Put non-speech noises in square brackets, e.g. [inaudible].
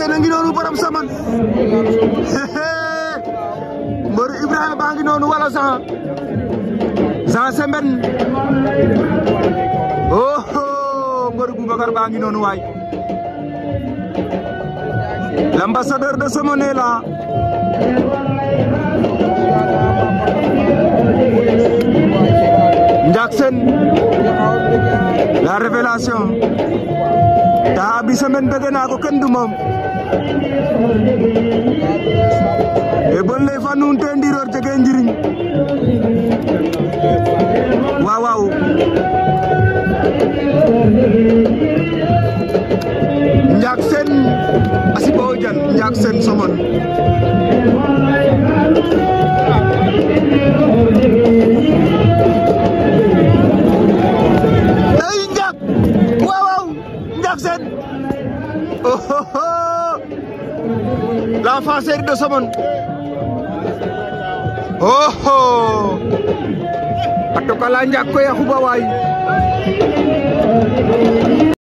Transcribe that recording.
Seen a ngi saman [laughs] mbaru Ibrahima baa ngi noonu wala Jean Jean Sembène oh mbaru baa ngi noonu waay l'ambassadeur de Somonela la la révélation ta bi semaine bëgg naa kenn du moom e eh, bonne fa nun te ndiror wow njiriñ waaw waaw njaak sen asiba o jan njaak wow somon ay oh. l'enfant chéri de Somone oho oh. a toka la njaag koy